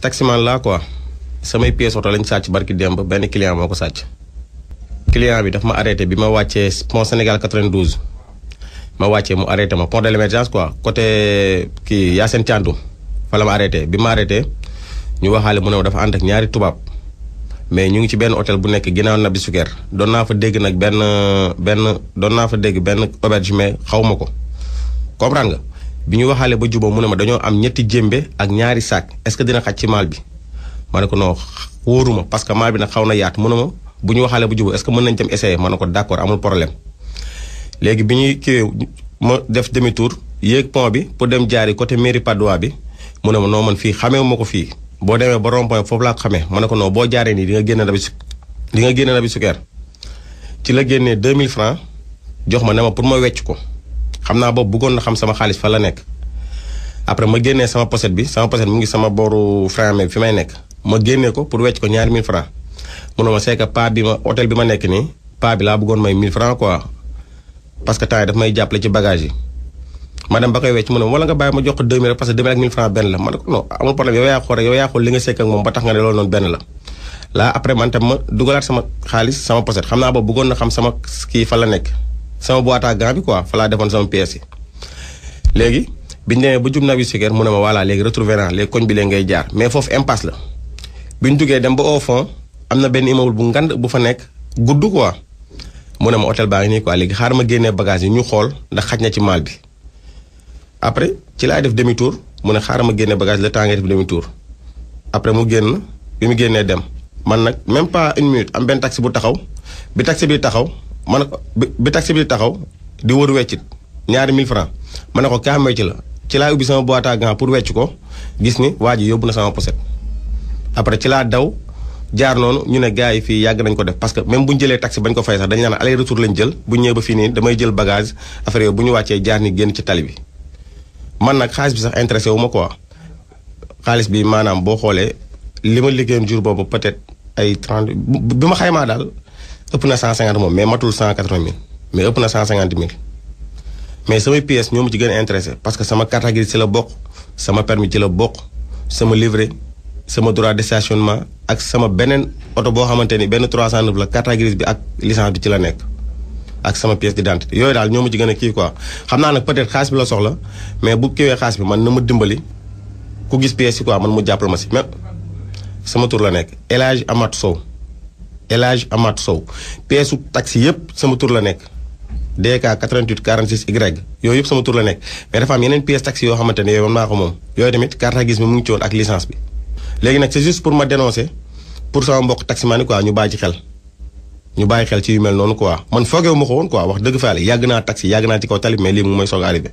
taximan laa quoi samay pièces oto lañ sàcc barki démb benn client moo ko sàcc. client bi daf ma arrêté bi ma wàccee pont Sénégal 92 ma wàccee mu arrêté ma pont de l'émergence quoi côté kii Yacine Thiandoum fa la ma arrêté bi ma arrêté ñu waxaale mu ne dafa ànd ak ñaari tubaab mais ñu ngi ci benn hôtel bu nekk ginnaaw na bi suker doon naa fa dégg nag benn benn doon naa fa dégg benn auberge mais xaw ma ko comprendre nga. bi ñu waxaale ba jubóo mu ne ma dañoo am ñetti jémbe ak ñaari saak est-ce dina xaj ci maal bi ma ne ko non wóoruma parce que maal bi na xaw na yaat mu ne ma bu ñu waxaale ba jubóo est-ce mën nañ dem essayer ma ne ko d'accord amul problème. léegi bi ñuy kiiwee ma def demi tour yéeg pont bi pour dem jaari côté mairie Padois bi mu ne ma noo man fii xamee ma ko fii boo demee ba rond foofu laa ko xamee ma ne ko noo boo jaaree nii di nga génne rabi su di nga génne rabi sukeer ci la génnee 2000 francs jox ma ne ma pour ma wecc ko xam naa boobu bëggoon na xam sama xaalis fa la nekk après ma génnee sama pochette bi sama pochette mu ngi sama booru frein bi fi ko pour wecc ko ñaari ma c'est que nekk nii paa laa bëggoon may mille quoi parce que temps yi daf may ci bagage yi ma dem ba koy wecc wala nga bàyyi ma jox ko deux mille parce que deux mille ak mille francs benn la ma ne après man tam ma dugalaat sama xaalis sama pochette xam naa boobu bëggoon na xam sama kii fa la nekk sama boîte à gants bi quoi fa laa defoon sama pièces yi léegi bi ñu demee ba jub Nabi Siker mu ne ma voilà léegi retrouvé naa koñ bi lee ngay jaar mais foofu impasse la bi ñu duggee dem ba au fond am na benn immeuble bu ngand bu fa nekk gudd quoi mu ne ma hôtel baa ngi nii quoi léegi xaaral ma génnee bagage yi ñu xool ndax xaj na ci maal bi après ci laay def demi tour mu ne xaaral ma génne bagage le temps ngay def demi tour après mu génn bi mu génnee dem man nag même pas une minute am benn taxi bu taxaw bi taxi bi taxaw man bi taxi bi taxaw di wër weccit ñaari mille francs ne ko kaa ci la ci laa ubbi sama boîte à gants pour wecc ko gis ni waa ji yóbbu na sama poset après ci laa daw jaar noonu ñu ne gars yi fii yàgg nañ ko def parce que même bu ñu jëlee taxi bañ ko fay sax dañu naan aller retour lañ jël bu ñëwee ba fii nii damay jël bagage affaire yooyu bu ñu wàccee jaar ni génn ci tali bi. man nag xaalis bi sax intéressé wu ma quoi xaalis bi maanaam boo xoolee li ma liggéeyoon jour boobu peut-être ay 30 bi ma xaymaa daal ëpp na 150 moom mais matul 180 000 mais ëpp na 150 mais sama pièces ñoo ma ci gën a intéressé parce que sama carte grise ci la boq sama permis ci la boq sama livret sama droit de stationnement ak sama beneen oto boo xamante ni benn 309 la carte grise bi ak licence bi ci la nekk ak sama pièce d'identité yooyu daal ñoo ma ci gën a kii quoi xam naa nag peut-être xaalis bi la soxla mais bu kiiwee xaalis bi man na ma dimbali ku gis pièce yi quoi man mu jàppal ma si même sama tur la nekk El Hadj Sow El Hadj Sow pièce taxi yëpp sama la nekk. DK 88 46 Y yooyu yëpp sama tur la nekk mais dafa am yeneen pièces taxi yoo xamante ne yooyu man maa ko moom yooyu tamit carte grise bi mu ngi ci woon ak licence bi léegi nag c'est juste pour ma dénoncer pour sama mbokk taximaani quoi ñu bàyyi ci xel ñu bàyyi xel ci yu mel noonu quoi man foogeewu ma ko woon quoi wax dëgg faale yàgg naa taxi yàgg naa ci kaw tali mais lii mu may soog arrivé